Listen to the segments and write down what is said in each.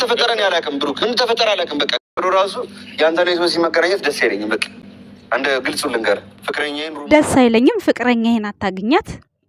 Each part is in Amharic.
ተፈጠረ እኔ አላውቅም። ብሩክ ምን ተፈጠረ አላውቅም። በቃ ብሩ ራሱ የአንተ ነው የሶሲ መገናኘት ደስ አይለኝም። በቃ አንድ ግልጹ ልንገር፣ ፍቅረኛዬን ደስ አይለኝም። ፍቅረኛዬን አታግኛት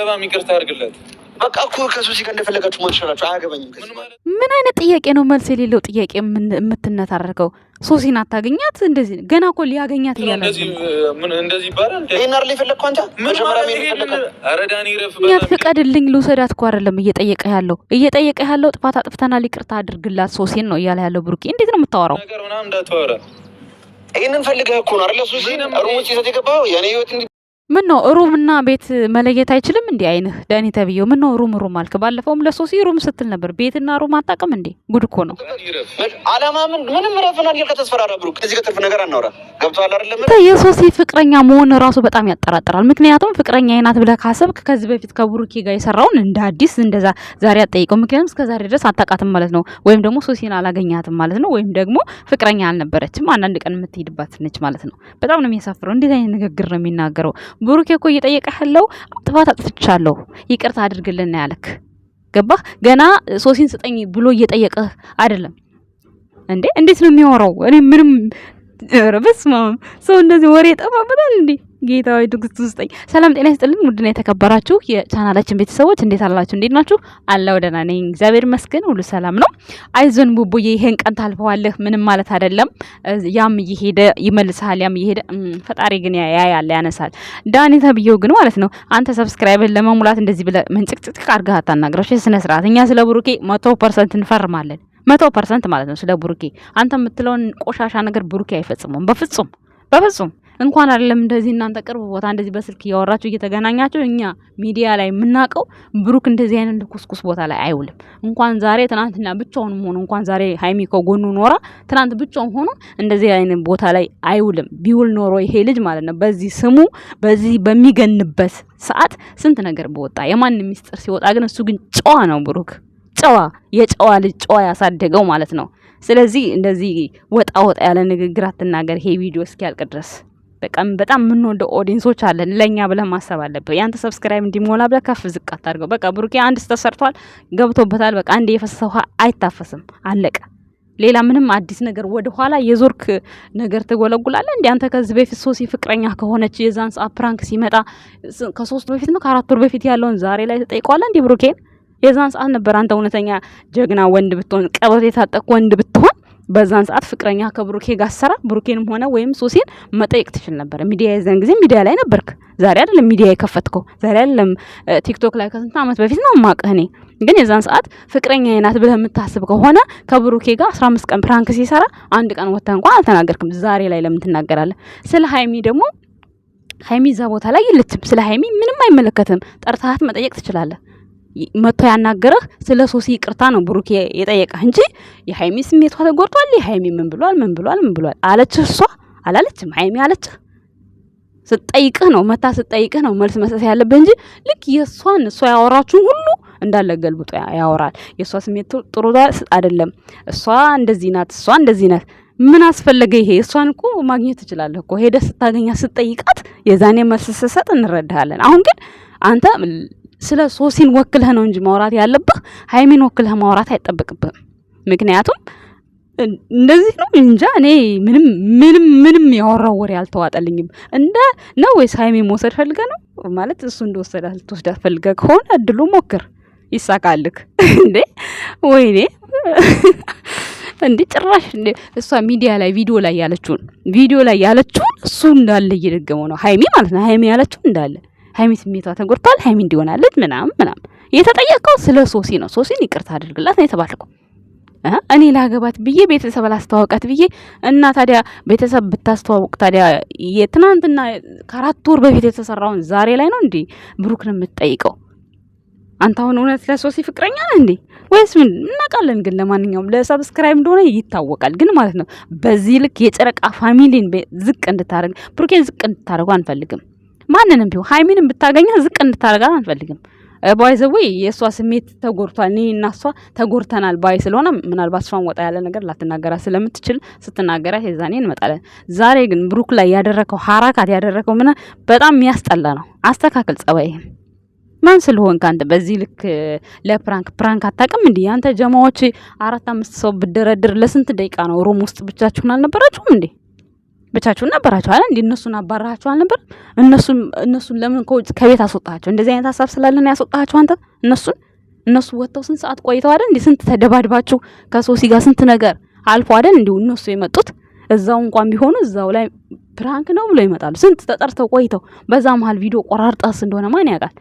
አይገባም። ይቅርታ አድርግለት። በቃ እኮ ከሱ ሲቀ እንደፈለጋችሁ ማንሸራችሁ አያገባኝም። ምን አይነት ጥያቄ ነው? መልስ የሌለው ጥያቄ የምትነታረገው ሶሲን አታገኛት። እንደዚህ ገና እኮ ሊያገኛት እያለ እንደዚህ ይባላል። ፍቀድልኝ ልውሰዳት እኮ አይደለም እየጠየቀ ያለው እየጠየቀ ያለው ጥፋት አጥፍተናል፣ ይቅርታ አድርግላት ሶሲን ነው እያለ ያለው። ብሩኬ እንዴት ነው የምታወራው? ይህንን ፈልገህ እኮ ነው አይደለ? ሱሲ ሩሞች ይዘት የገባው የኔ ህይወት ምን ነው ሩምና ቤት መለየት አይችልም እንዴ? አይንህ ዳኒ ተብዬው ምን ነው ሩም ሩም አልክ? ባለፈውም ለሶሲ ሩም ስትል ነበር። ቤትና ሩም አጣቅም እንዴ? ጉድ እኮ ነው። አላማ ምን ብሩክ ነገር ገብቷል የሶሲ ፍቅረኛ መሆን ራሱ በጣም ያጠራጥራል። ምክንያቱም ፍቅረኛ አይናት ብለህ ካሰብክ ከዚህ በፊት ከቡሩኪ ጋር የሰራውን እንደ አዲስ እንደዛ ዛሬ አጠይቀው። ምክንያቱም እስከ ዛሬ ድረስ አታውቃትም ማለት ነው፣ ወይም ደግሞ ሶሲን አላገኛትም ማለት ነው፣ ወይም ደግሞ ፍቅረኛ አልነበረችም። አንዳንድ ቀን የምትሄድባት ነች ማለት ነው። በጣም ነው የሚያሳፍረው። እንዴት አይነት ንግግር ነው የሚናገረው? ብሩኬ እኮ እየጠየቀህለው ያለው ጥፋት አጥፍቻለሁ ይቅርታ አድርግልን ያለክ ገባህ? ገና ሶሲን ስጠኝ ብሎ እየጠየቀህ አይደለም እንዴ! እንዴት ነው የሚያወራው? እኔ ምንም ኧረ በስመ አብ ሰው እንደዚህ ወሬ ጠፋበታል እንዴ? ጌታዊ ትግስት ውስጠኝ። ሰላም ጤና ይስጥልን ውድና የተከበራችሁ የቻናላችን ቤተሰቦች እንዴት አላችሁ? እንዴት ናችሁ? አላው ደህና ነኝ እግዚአብሔር ይመስገን፣ ሁሉ ሰላም ነው። አይዞን ቡቡዬ፣ ይሄን ቀን ታልፈዋለህ። ምንም ማለት አይደለም። ያም እየሄደ ይመልሳል፣ ያም እየሄደ ፈጣሪ ግን ያያል፣ ያነሳል። ዳኒ ተብዬው ግን ማለት ነው አንተ ሰብስክራይብን ለመሙላት እንደዚህ ብለህ ምንጭቅጭቅ አድርገህ አታናግረሽ። ስነ ስርዓት እኛ ስለ ብሩኬ መቶ ፐርሰንት እንፈርማለን መቶ ፐርሰንት ማለት ነው። ስለ ብሩኬ አንተ የምትለውን ቆሻሻ ነገር ብሩኬ አይፈጽሙም፣ በፍጹም በፍጹም። እንኳን አይደለም እንደዚህ እናንተ ቅርብ ቦታ እንደዚህ በስልክ እያወራችሁ እየተገናኛችሁ እኛ ሚዲያ ላይ የምናውቀው ብሩክ እንደዚህ አይነት ኩስኩስ ቦታ ላይ አይውልም። እንኳን ዛሬ ትናንትና ብቻውን ሆኖ እንኳን ዛሬ ሀይሚ ከጎኑ ኖራ ትናንት ብቻውን ሆኖ እንደዚህ አይነት ቦታ ላይ አይውልም። ቢውል ኖሮ ይሄ ልጅ ማለት ነው በዚህ ስሙ በዚህ በሚገንበት ሰዓት ስንት ነገር በወጣ የማንም ሚስጥር ሲወጣ ግን እሱ ግን ጨዋ ነው ብሩክ ጨዋ የጨዋ ልጅ ጨዋ ያሳደገው ማለት ነው። ስለዚህ እንደዚህ ወጣ ወጣ ያለ ንግግር አትናገር፣ ይሄ ቪዲዮ እስኪያልቅ ድረስ በቃም በጣም የምንወደው ኦዲንሶች አለን። ለእኛ ብለህ ማሰብ አለብህ። ያንተ ሰብስክራይብ እንዲሞላ ብለህ ከፍ ዝቅ አታድርገው። በቃ ብሩኬ አንድ ተሰርቷል፣ ገብቶበታል። በቃ አንድ የፈሰሰ ውሃ አይታፈስም፣ አለቀ። ሌላ ምንም አዲስ ነገር ወደ ኋላ የዞርክ ነገር ትጎለጉላለህ። እንዲ አንተ ከዚህ በፊት ሶሲ ፍቅረኛ ከሆነች የዛን ሰዓት ፕራንክ ሲመጣ ከሶስት በፊት ነው ከአራት ወር በፊት ያለውን ዛሬ ላይ ተጠይቀዋለ እንዲ ብሩኬን የዛን ሰዓት ነበር አንተ እውነተኛ ጀግና ወንድ ብትሆን ቀበቶ የታጠቅ ወንድ ብትሆን በዛን ሰዓት ፍቅረኛ ከብሩኬ ጋር ሰራ ብሩኬንም ሆነ ወይም ሶሴን መጠየቅ ትችል ነበር። ሚዲያ የዛን ጊዜ ሚዲያ ላይ ነበርክ። ዛሬ አይደለም ሚዲያ የከፈትከው፣ ዛሬ አይደለም ቲክቶክ ላይ ከስንት ዓመት በፊት ነው ማቀህ። እኔ ግን የዛን ሰዓት ፍቅረኛ ናት ብለህ የምታስብ ከሆነ ከብሩኬ ጋር አስራ አምስት ቀን ፕራንክ ሲሰራ አንድ ቀን ወጥተህ እንኳን አልተናገርክም። ዛሬ ላይ ለምን ትናገራለህ? ስለ ሀይሚ ደግሞ ሀይሚ እዛ ቦታ ላይ የለችም። ስለ ሀይሚ ምንም አይመለከትም። ጠርታሃት መጠየቅ ትችላለህ። መጥቶ ያናገረህ ስለ ሶሲ ይቅርታ ነው ብሩክ የጠየቀህ እንጂ የሀይሚ ስሜቷ ተጎድቷል። የሀይሚ ምን ብሏል ምን ብሏል ምን ብሏል አለችህ? እሷ አላለችም። ሀይሚ አለችህ። ስጠይቅህ ነው መታ ስጠይቅህ ነው መልስ መስጠት ያለብህ እንጂ ልክ የእሷን እሷ ያወራችሁን ሁሉ እንዳለ ገልብጦ ያወራል። የእሷ ስሜት ጥሩ አይደለም። እሷ እንደዚህ ናት፣ እሷ እንደዚህ ናት። ምን አስፈለገ ይሄ? እሷን እኮ ማግኘት ትችላለህ እኮ ሄደህ ስታገኛት ስጠይቃት የዛኔ መልስ ስትሰጥ እንረዳሃለን። አሁን ግን አንተ ስለ ሶሲን ወክለህ ነው እንጂ ማውራት ያለብህ ሀይሚን ወክለህ ማውራት አይጠበቅብህም። ምክንያቱም እንደዚህ ነው እንጃ እኔ ምንም ምንም ምንም ያወራው ወሬ አልተዋጠልኝም። እንደ ነው ወይስ ሀይሚ መውሰድ ፈልገ ነው ማለት እሱ እንደወሰደ ልትወስዳት ፈልገ ከሆነ እድሉ ሞክር ይሳካልክ። እንዴ ወይኔ እንዴ ጭራሽ እንዴ እሷ ሚዲያ ላይ ቪዲዮ ላይ ያለችውን ቪዲዮ ላይ ያለችውን እሱ እንዳለ እየደገመው ነው ሀይሚ ማለት ነው። ሀይሚ ያለችው እንዳለ ሀይሚ ስሜቷ ተጎድቷል፣ ሀይሚ እንዲሆናለች ምናምን ምናምን። የተጠየቀው ስለ ሶሲ ነው። ሶሲን ይቅርታ አድርግላት ነው የተባልከው። እኔ ላገባት ብዬ ቤተሰብ ላስተዋውቃት ብዬ እና ታዲያ ቤተሰብ ብታስተዋውቅ ታዲያ የትናንትና ከአራት ወር በፊት የተሰራውን ዛሬ ላይ ነው እንዴ ብሩክ ነው የምትጠይቀው? አንተ አሁን እውነት ለሶሲ ፍቅረኛ ነህ እንዴ ወይስ ምን? እናውቃለን፣ ግን ለማንኛውም ለሰብስክራይብ እንደሆነ ይታወቃል። ግን ማለት ነው በዚህ ልክ የጨረቃ ፋሚሊን ዝቅ እንድታደርግ ብሩኬን ዝቅ እንድታደርጉ አንፈልግም። ማንንም ቢሆን ሀይሚንም ብታገኘ ዝቅ እንድታደርጋት አንፈልግም። ባይ ዘ ወይ የእሷ ስሜት ተጎድቷል። እኔ እና እሷ ተጎድተናል ባይ ስለሆነ ምናልባት እሷን ወጣ ያለ ነገር ላትናገራ ስለምትችል ስትናገራ ሄዛኔ እንመጣለን። ዛሬ ግን ብሩክ ላይ ያደረከው ሀራካት ያደረከው ምና በጣም የሚያስጠላ ነው። አስተካክል ጸባይህን። ማን ስለሆንክ አንተ በዚህ ልክ ለፕራንክ ፕራንክ አታውቅም እንዴ? አንተ ጀማዎች አራት አምስት ሰው ብደረድር ለስንት ደቂቃ ነው ሩም ውስጥ ብቻችሁን አልነበራችሁም እንዴ? ብቻችሁን ነበራችሁ አለ እነሱን አባራችሁ አልነበር? እነሱን እነሱን ለምን ከቤት አስወጣቸው? እንደዚህ አይነት ሀሳብ ስላለን ያስወጣቸው አንተ እነሱን እነሱ ወጥተው ስንት ሰዓት ቆይተው አይደል እንዲ ስንት ተደባድባችሁ ከሶሲ ጋር ስንት ነገር አልፎ አይደል እንዲሁ እነሱ የመጡት እዛው እንኳን ቢሆኑ እዛው ላይ ፕራንክ ነው ብሎ ይመጣሉ። ስንት ተጠርተው ቆይተው በዛ መሀል ቪዲዮ ቆራርጣስ እንደሆነ ማን ያውቃል?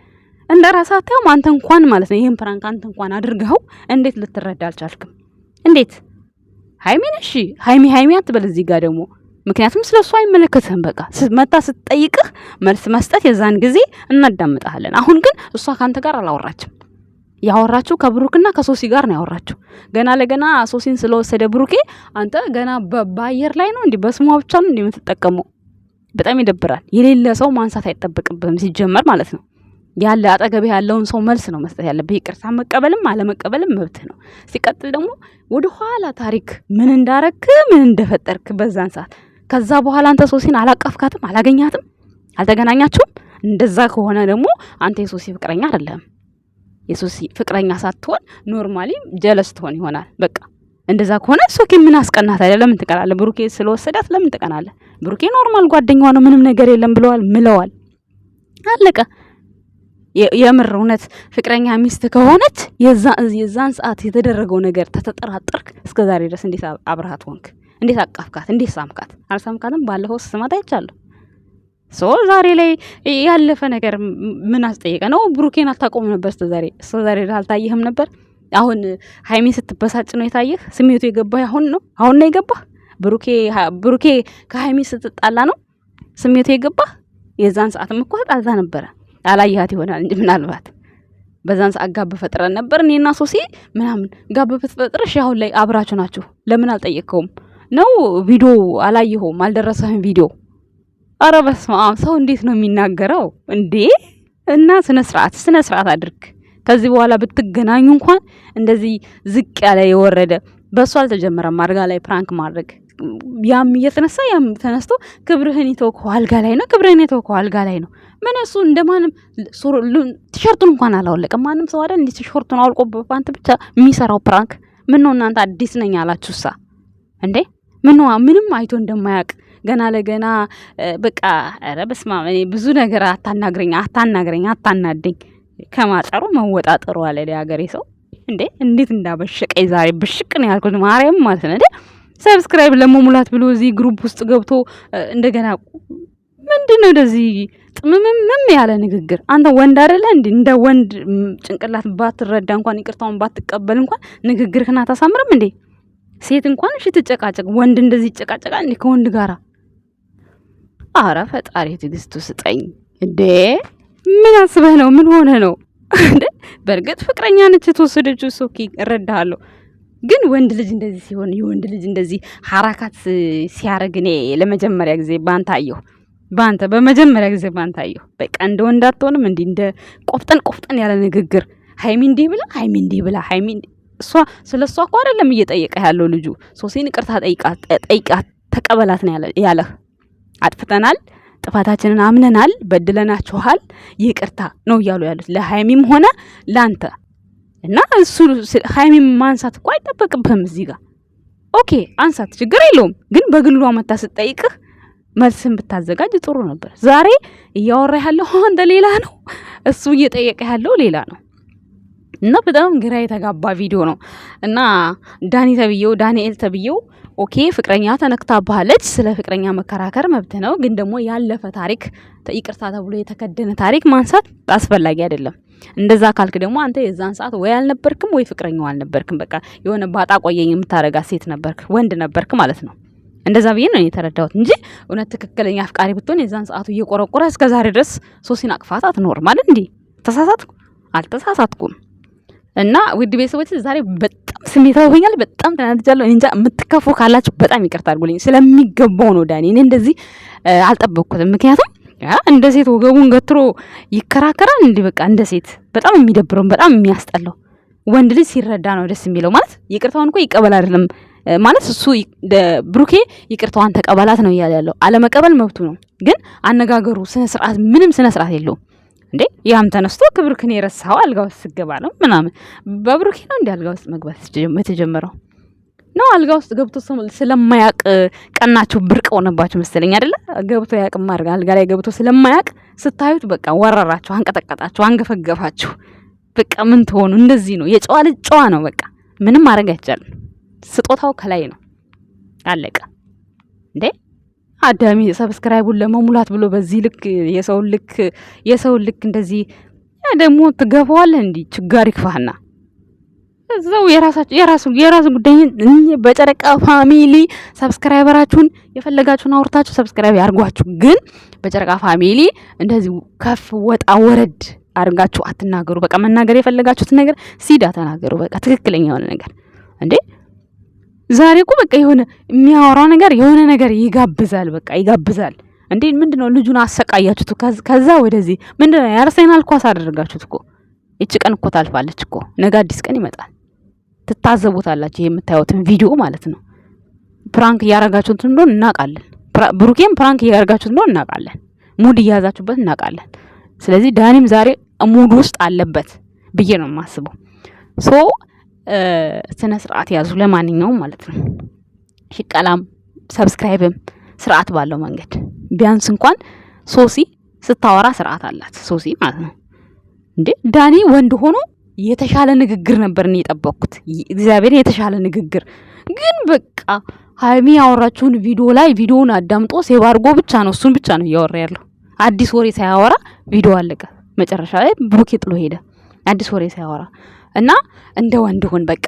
እንደ ራሳቸው አንተ እንኳን ማለት ነው ይህን ፕራንክ አንተ እንኳን አድርገው እንዴት ልትረዳ አልቻልክም? እንዴት ሃይሜን እሺ ሃይሜ ሃይሜ አትበል እዚህ ጋር ደግሞ ምክንያቱም ስለ እሱ አይመለከትህም። በቃ መታ ስትጠይቅህ መልስ መስጠት የዛን ጊዜ እናዳምጠሃለን። አሁን ግን እሷ ከአንተ ጋር አላወራችም። ያወራችሁ ከብሩክና ከሶሲ ጋር ነው ያወራችሁ። ገና ለገና ሶሲን ስለወሰደ ብሩኬ አንተ ገና በአየር ላይ ነው እንዲህ በስሟ ብቻ ነው እንዲህ የምትጠቀመው። በጣም ይደብራል። የሌለ ሰው ማንሳት አይጠበቅብህም ሲጀመር ማለት ነው። ያለ አጠገብህ ያለውን ሰው መልስ ነው መስጠት ያለብህ። ይቅርታ መቀበልም አለመቀበልም መብትህ ነው። ሲቀጥል ደግሞ ወደኋላ ታሪክ ምን እንዳረክ ምን እንደፈጠርክ በዛን ሰዓት ከዛ በኋላ አንተ ሶሲን አላቀፍካትም፣ አላገኛትም፣ አልተገናኛችሁም። እንደዛ ከሆነ ደግሞ አንተ የሶሲ ፍቅረኛ አይደለም። የሶሲ ፍቅረኛ ሳትሆን ኖርማሊ ጀለስ ትሆን ይሆናል። በቃ እንደዛ ከሆነ ሶኪ ምን አስቀናት? አይደለም ለምን ትቀናለ? ብሩኬ ስለወሰዳት ለምን ትቀናለ? ብሩኬ ኖርማል ጓደኛዋ ነው፣ ምንም ነገር የለም ብለዋል ምለዋል፣ አለቀ። የምር እውነት ፍቅረኛ ሚስት ከሆነች የዛን ሰዓት የተደረገው ነገር ተተጠራጠርክ፣ እስከ ዛሬ ድረስ እንዴት አብረሃት ሆንክ? እንዴት አቃፍካት? እንዴት ሳምካት? አልሳምካትም። ባለፈው ስስማት አይቻለሁ። ሶ ዛሬ ላይ ያለፈ ነገር ምን አስጠየቀ ነው? ብሩኬን አልታቆም ነበር እስከ ዛሬ እስከ ዛሬ አልታየህም ነበር። አሁን ሀይሜን ስትበሳጭ ነው የታየህ? ስሜቱ የገባህ አሁን ነው? አሁን ነው የገባህ? ብሩኬ ብሩኬ ከሀይሜ ስትጣላ ነው ስሜቱ የገባህ? የዛን ሰዓትም እኮ ተጣልታ ነበረ። አላየሃት ይሆናል እንጂ ምናልባት በዛን ሰዓት ጋብ ፈጥረን ነበር እኔና ሶሲ ምናምን ጋብ ፈጥረሽ አሁን ላይ አብራችሁ ናችሁ። ለምን አልጠየቅከውም? ነው ቪዲዮ አላየሁም አልደረሰህም ቪዲዮ? አረ በስመ አብ! ሰው እንዴት ነው የሚናገረው እንዴ? እና ስነ ስርዓት ስነ ስርዓት አድርግ። ከዚህ በኋላ ብትገናኙ እንኳን እንደዚህ ዝቅ ያለ የወረደ በእሱ አልተጀመረም። አልጋ ላይ ፕራንክ ማድረግ ያም እየተነሳ ያም ተነስቶ ክብርህን የተወከው አልጋ ላይ ነው። ክብርህን የተወከው አልጋ ላይ ነው። ምን እሱ እንደማንም ቲሸርቱን እንኳን አላወለቀም። ማንም ሰው አይደል ቲሸርቱን አውልቆ በፓንት ብቻ የሚሰራው ፕራንክ። ምን ነው እናንተ አዲስ ነኝ አላችሁሳ እንዴ? ምንዋ ምንም አይቶ እንደማያውቅ ገና ለገና በቃ ኧረ በስመ አብ እኔ ብዙ ነገር አታናግረኝ አታናግረኝ አታናደኝ ከማጠሩ መወጣጠሩ አለ የሀገሬ ሰው እንዴ እንዴት እንዳበሸቀኝ ዛሬ ብሽቅ ነው ያልኩት ማርያም ማለት ነው እንዴ ሰብስክራይብ ለመሙላት ብሎ እዚህ ግሩፕ ውስጥ ገብቶ እንደገና ምንድን ነው እንደዚህ ጥምምምም ያለ ንግግር አንተ ወንድ አደለ እንዴ እንደ ወንድ ጭንቅላት ባትረዳ እንኳን ይቅርታውን ባትቀበል እንኳን ንግግርህን አታሳምርም እንዴ ሴት እንኳን እሺ ትጨቃጨቅ፣ ወንድ እንደዚህ ይጨቃጨቃል እንዴ ከወንድ ጋራ? አረ ፈጣሪ ትዕግስቱ ስጠኝ እንዴ! ምን አስበህ ነው? ምን ሆነ ነው እንዴ? በእርግጥ ፍቅረኛ ነች የተወሰደችው፣ ሶኪ እረዳሃለሁ። ግን ወንድ ልጅ እንደዚህ ሲሆን የወንድ ልጅ እንደዚህ ሀራካት ሲያደርግ እኔ ለመጀመሪያ ጊዜ ባንተ አየሁ። ባንተ በመጀመሪያ ጊዜ ባንተ አየሁ። በቃ እንደ ወንድ አትሆንም እንዲህ እንደ ቆፍጠን ቆፍጠን ያለ ንግግር ሀይሚ እንዲህ ብላ ሀይሚ እንዲህ ብላ ሀይሚ እሷ ስለ እሷ እኮ አይደለም እየጠየቀ ያለው ልጁ። ሶሴን ቅርታ ጠይቃት ተቀበላት ነው ያለህ። አጥፍተናል፣ ጥፋታችንን አምነናል፣ በድለናችኋል፣ ይቅርታ ነው እያሉ ያሉት ለሀይሚም ሆነ ለአንተ እና እሱ ሀይሚም ማንሳት እኮ አይጠበቅብህም እዚህ ጋር ኦኬ አንሳት፣ ችግር የለውም ግን በግሏ መታ ስጠይቅህ መልስን ብታዘጋጅ ጥሩ ነበር። ዛሬ እያወራ ያለው እንደ ሌላ ነው፣ እሱ እየጠየቀ ያለው ሌላ ነው። እና በጣም ግራ የተጋባ ቪዲዮ ነው እና ዳኒ ተብዬው ዳንኤል ተብዬው ኦኬ ፍቅረኛ ተነክታባለች። ስለ ፍቅረኛ መከራከር መብት ነው፣ ግን ደግሞ ያለፈ ታሪክ ይቅርታ ተብሎ የተከደነ ታሪክ ማንሳት አስፈላጊ አይደለም። እንደዛ ካልክ ደግሞ አንተ የዛን ሰዓት ወይ አልነበርክም ወይ ፍቅረኛው አልነበርክም። በቃ የሆነ ባጣ ቆየኝ የምታረጋ ሴት ነበርክ፣ ወንድ ነበርክ ማለት ነው። እንደዛ ብዬ ነው የተረዳሁት እንጂ እውነት ትክክለኛ አፍቃሪ ብትሆን የዛን ሰዓቱ እየቆረቆረ እስከዛሬ ድረስ ሶሲን አቅፋት አትኖርም ማለት እንዴ? ተሳሳትኩ አልተሳሳትኩም? እና ውድ ቤተሰቦች ዛሬ በጣም ስሜት ሆኛለሁ። በጣም ተናድጃለሁ። እንጃ የምትከፉ ካላችሁ በጣም ይቅርታ አድርጉልኝ። ስለሚገባው ነው ዳኒ። እኔ እንደዚህ አልጠበቅኩትም። ምክንያቱም እንደ ሴት ወገቡን ገትሮ ይከራከራል። እንዲህ በቃ እንደ ሴት በጣም የሚደብረው በጣም የሚያስጠላው ወንድ ልጅ ሲረዳ ነው ደስ የሚለው። ማለት ይቅርታውን እኮ ይቀበል አይደለም ማለት እሱ ብሩኬ ይቅርታዋን ተቀበላት ነው እያለ ያለው። አለመቀበል መብቱ ነው፣ ግን አነጋገሩ ስነ ስርዓት ምንም ስነ ስርዓት የለውም። እንዴ ያም ተነስቶ ክብርክን የረሳው አልጋ ውስጥ ስገባ ነው ምናምን። በብሩኬ ነው እንዲ አልጋ ውስጥ መግባት የተጀመረው ነው። አልጋ ውስጥ ገብቶ ስለማያቅ ቀናቸው ብርቅ ሆነባቸው መሰለኝ አይደለ? ገብቶ ያቅም አድርጋ አልጋ ላይ ገብቶ ስለማያቅ ስታዩት በቃ ወረራችሁ፣ አንቀጠቀጣችሁ፣ አንገፈገፋችሁ። በቃ ምን ትሆኑ? እንደዚህ ነው የጨዋ ልጅ ጨዋ ነው። በቃ ምንም ማድረግ አይቻልም። ስጦታው ከላይ ነው አለቀ እንዴ አዳሚ ሰብስክራይቡን ለመሙላት ብሎ በዚህ ልክ የሰውን ልክ የሰውን ልክ እንደዚህ ደግሞ ትገፋዋለህ። እንዲ ችጋር ይክፋህና እዛው የራሳችሁ የራሱ የራሱ ጉዳይ በጨረቃ ፋሚሊ ሰብስክራይበራችሁን የፈለጋችሁን አውርታችሁ ሰብስክራይብ ያርጓችሁ። ግን በጨረቃ ፋሚሊ እንደዚህ ከፍ ወጣ ወረድ አድርጋችሁ አትናገሩ። በቃ መናገር የፈለጋችሁት ነገር ሲዳ ተናገሩ። በቃ ትክክለኛ የሆነ ነገር እንዴ ዛሬ እኮ በቃ የሆነ የሚያወራው ነገር የሆነ ነገር ይጋብዛል፣ በቃ ይጋብዛል። እንዴ ምንድነው? ልጁን አሰቃያችሁት፣ ከዛ ወደዚህ ምንድነው? የአርሰናል ኳስ አደረጋችሁት እኮ። ይቺ ቀን እኮ ታልፋለች እኮ፣ ነገ አዲስ ቀን ይመጣል። ትታዘቡታላችሁ፣ ይሄ የምታዩትን ቪዲዮ ማለት ነው። ፕራንክ እያረጋችሁት እንደሆነ እናውቃለን። ብሩኬም ፕራንክ እያረጋችሁት እንደሆነ እናውቃለን። ሙድ እያያዛችሁበት እናውቃለን። ስለዚህ ዳኒም ዛሬ ሙድ ውስጥ አለበት ብዬ ነው የማስበው ሶ ስነ ስርዓት ያዙ። ለማንኛውም ማለት ነው ሽቀላም ሰብስክራይብም ስርዓት ባለው መንገድ ቢያንስ እንኳን ሶሲ ስታወራ ስርዓት አላት። ሶሲ ማለት ነው እንዴ ዳኒ ወንድ ሆኖ የተሻለ ንግግር ነበር እኔ የጠበቅኩት። እግዚአብሔር የተሻለ ንግግር ግን በቃ ሀይሚ ያወራችሁን ቪዲዮ ላይ ቪዲዮውን አዳምጦ ሴቭ አድርጎ ብቻ ነው እሱን ብቻ ነው እያወራ ያለው። አዲስ ወሬ ሳያወራ ቪዲዮ አለቀ። መጨረሻ ላይ ብሩኬ ጥሎ ሄደ። አዲስ ወሬ ሳያወራ እና እንደ ወንድ ሁን በቃ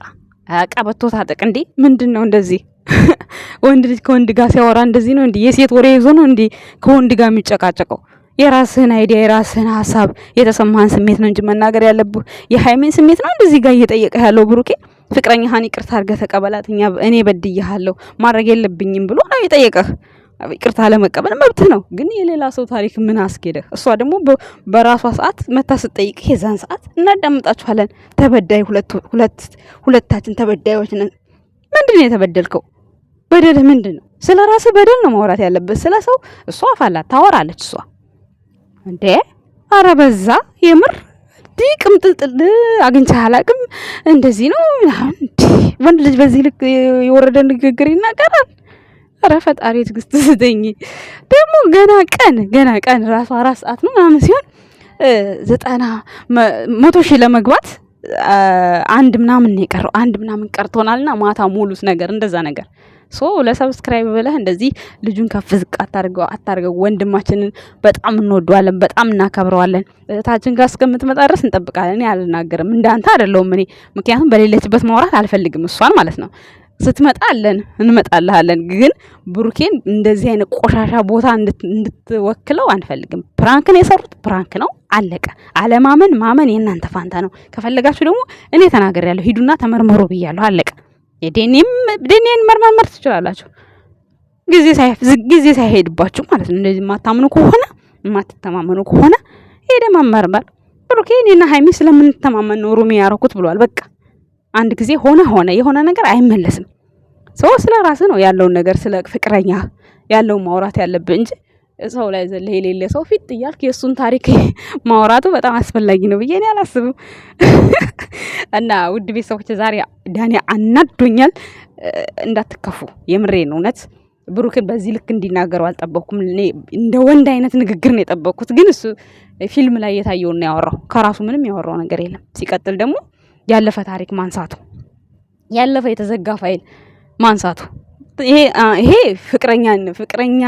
ቀበቶ ታጠቅ እንዴ! ምንድን ነው እንደዚህ? ወንድ ልጅ ከወንድ ጋር ሲያወራ እንደዚህ ነው እንዴ? የሴት ወሬ ይዞ ነው እንዴ ከወንድ ጋር የሚጨቃጨቀው? የራስህን አይዲያ የራስህን ሀሳብ የተሰማህን ስሜት ነው እንጂ መናገር ያለብህ የሃይሜን ስሜት ነው እንደዚህ ጋር እየጠየቀ ያለው ብሩኬ ፍቅረኛህን ይቅርታ አድርገህ ተቀበላት፣ እኔ በድያሃለሁ ማድረግ የለብኝም ብሎ ነው የጠየቀህ። ይቅርታ ለመቀበል መብት ነው። ግን የሌላ ሰው ታሪክ ምን አስኬደህ? እሷ ደግሞ በራሷ ሰዓት መታ ስጠይቅ የዛን ሰዓት እናዳምጣችኋለን። ተበዳይ ሁለታችን ተበዳዮች ነን። ምንድን ነው የተበደልከው? በደልህ ምንድን ነው? ስለ ራስ በደል ነው ማውራት ያለበት። ስለ ሰው እሷ አፋላት ታወራለች። እሷ እንዴ አረ በዛ የምር እንዲህ ቅምጥልጥል አግኝቻ አላቅም። እንደዚህ ነው ወንድ ልጅ በዚህ ልክ የወረደ ንግግር ይናገራል። ኧረ ፈጣሪ ትግስት ስጠኝ። ደግሞ ገና ቀን ገና ቀን ራሱ አራት ሰዓት ነው ምናምን ሲሆን ዘጠና መቶ ሺህ ለመግባት አንድ ምናምን ነው የቀረው አንድ ምናምን ቀርቶናልና ማታ ሙሉስ ነገር እንደዛ ነገር ሶ ለሰብስክራይብ ብለህ እንደዚህ ልጁን ከፍ ዝቅ አታርገው አታርገው። ወንድማችንን በጣም እንወደዋለን፣ በጣም እናከብረዋለን። እህታችን ጋር እስከምትመጣ ድረስ እንጠብቃለን። እኔ አልናገርም፣ እንዳንተ አይደለሁም እኔ ምክንያቱም በሌለችበት ማውራት አልፈልግም፣ እሷን ማለት ነው። ስትመጣ አለን እንመጣልሃለን። ግን ብሩኬን እንደዚህ አይነት ቆሻሻ ቦታ እንድትወክለው አንፈልግም። ፕራንክን የሰሩት ፕራንክ ነው፣ አለቀ። አለማመን ማመን የእናንተ ፋንታ ነው። ከፈለጋችሁ ደግሞ እኔ ተናገር ያለሁ ሂዱና ተመርምሮ ብያለሁ፣ አለቀ። ዴኔን መርማመር ትችላላችሁ፣ ጊዜ ሳይሄድባችሁ ማለት ነው። እንደዚህ የማታምኑ ከሆነ የማትተማመኑ ከሆነ ሄደ መመርመር ብሩኬ እኔና ሀይሚ ስለምንተማመን ነው ሩሚ ያረኩት ብሏል። በቃ አንድ ጊዜ ሆነ ሆነ የሆነ ነገር አይመለስም። ሰው ስለ ራስ ነው ያለውን ነገር ስለ ፍቅረኛ ያለውን ማውራት ያለብህ እንጂ ሰው ላይ ዘለ የሌለ ሰው ፊት እያልክ የእሱን ታሪክ ማውራቱ በጣም አስፈላጊ ነው ብዬ እኔ አላስብም። እና ውድ ቤተሰቦች ዛሬ ዳኒ አናዶኛል፣ እንዳትከፉ የምሬን እውነት ብሩክን በዚህ ልክ እንዲናገሩ አልጠበቅኩም። እኔ እንደ ወንድ አይነት ንግግር ነው የጠበቅኩት፣ ግን እሱ ፊልም ላይ የታየውን ያወራው። ከራሱ ምንም ያወራው ነገር የለም። ሲቀጥል ደግሞ ያለፈ ታሪክ ማንሳቱ፣ ያለፈ የተዘጋ ፋይል ማንሳቱ ይሄ ፍቅረኛን ፍቅረኛ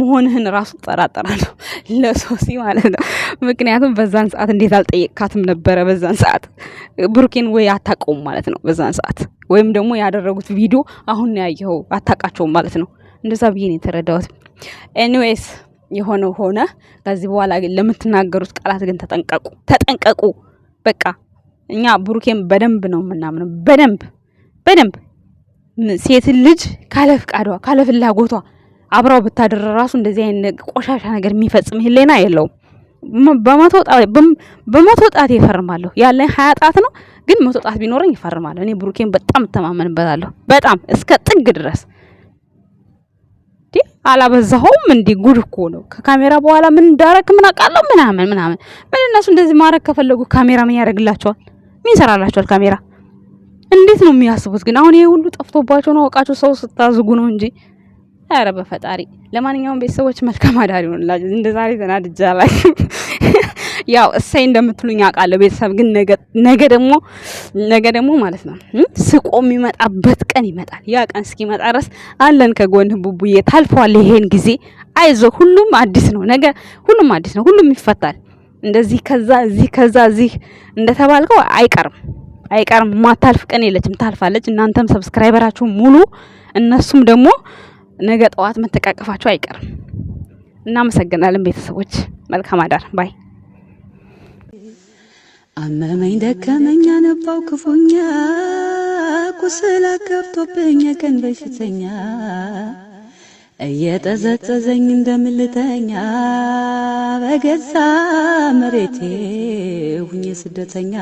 መሆንህን ራሱ ጠራጠራለሁ ለሶሲ ማለት ነው። ምክንያቱም በዛን ሰዓት እንዴት አልጠየቅካትም ነበረ? በዛን ሰዓት ብሩኬን ወይ አታውቀውም ማለት ነው በዛን ሰዓት ወይም ደግሞ ያደረጉት ቪዲዮ አሁን ያየኸው አታውቃቸውም ማለት ነው። እንደዛ ብዬ ነው የተረዳሁት። ኤኒዌይስ የሆነው ሆነ። ከዚህ በኋላ ለምትናገሩት ቃላት ግን ተጠንቀቁ፣ ተጠንቀቁ በቃ እኛ ብሩኬን በደንብ ነው የምናምነው። በደንብ በደንብ ሴትን ልጅ ካለ ፍቃዷ ካለ ፍላጎቷ አብራው ብታደረ ራሱ እንደዚህ አይነት ቆሻሻ ነገር የሚፈጽም ህሌና የለውም። በመቶ ጣት ይፈርማለሁ ያለኝ ሀያ ጣት ነው፣ ግን መቶ ጣት ቢኖረኝ ይፈርማለሁ። እኔ ብሩኬን በጣም እተማመንበታለሁ። በጣም እስከ ጥግ ድረስ አላበዛሁም እንዲህ ጉድ እኮ ነው። ከካሜራ በኋላ ምን እንዳረክ ምን አውቃለሁ ምናምን ምናምን ምን እነሱ እንደዚህ ማድረግ ከፈለጉ ካሜራ ምን ያደርግላቸዋል? ምን ይሰራላችኋል ካሜራ? እንዴት ነው የሚያስቡት ግን? አሁን ይሄ ሁሉ ጠፍቶባቸው ነው አውቃቸው ሰው ስታዝጉ ነው እንጂ። አረ በፈጣሪ ለማንኛውም ቤተሰቦች መልካም አዳር ይሆንላችሁ። እንደ ዛሬ ያው እሰይ እንደምትሉኝ አውቃለሁ ቤተሰብ ግን ነገ ደግሞ ነገ ደግሞ ማለት ነው ስቆ የሚመጣበት ቀን ይመጣል። ያ ቀን እስኪመጣ ድረስ አለን ከጎን ቡቡዬ፣ ታልፏል ይሄን ጊዜ አይዞ ሁሉም አዲስ ነው። ነገ ሁሉም አዲስ ነው። ሁሉም ይፈታል። እንደዚህ ከዛ እዚህ ከዛ እዚህ እንደተባልከው አይቀርም አይቀርም። ማታልፍ ቀን የለችም፣ ታልፋለች። እናንተም ሰብስክራይበራችሁ ሙሉ፣ እነሱም ደግሞ ነገ ጠዋት መተቃቀፋችሁ አይቀርም። እናመሰግናለን ቤተሰቦች፣ መልካም አዳር ባይ። አመመኝ ደከመኛ ነባው ክፉኛ ቁስላ ከብቶብኛ ቀን በሽተኛ እየጠዘጠዘኝ እንደምልተኛ በገዛ መሬቴ ሁኜ ስደተኛ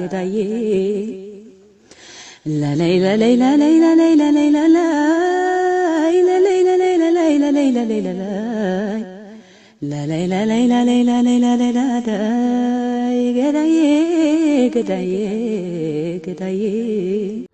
ገዳዬ ለለይ ለለይ ለለይ ለለይ ለለይ ለለይ ለለይ ለለይ ለለይ ለለይ ለለይ ለለይ ለለይ ለለይ ለለይ ለለይ ለለይ ለለይ ገዳዬ ገዳዬ ገዳዬ